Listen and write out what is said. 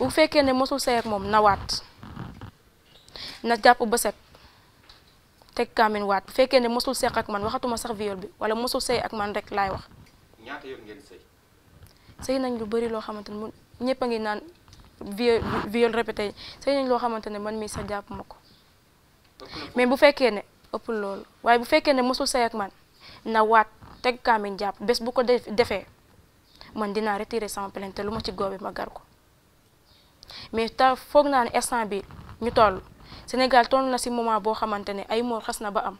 bu fekkee ne mosul sey ak moom na waat na jàpp ba set teg kaamin waat bu fekkee ne mosul seq ak man waxatuma sax viol bi wala mosul sey ak man rek laay wax. ñaata sey. nañ lu bëri loo xamante ne mu a ngi naan viol viol répété sey nañ loo xamante ne man mii sax jàpp ma ko. mais bu fekkee ne ëpp loolu waaye bu fekkee ne mosul sey ak man na waat. teg kaamin jàpp bés bu ko defee man dinaa retirer sama plainte te lu ma ci góobe ma gar mais ta foog naa ne instant bi ñu toll Sénégal toll na ci moment boo xamante ne ay moor xas na ba am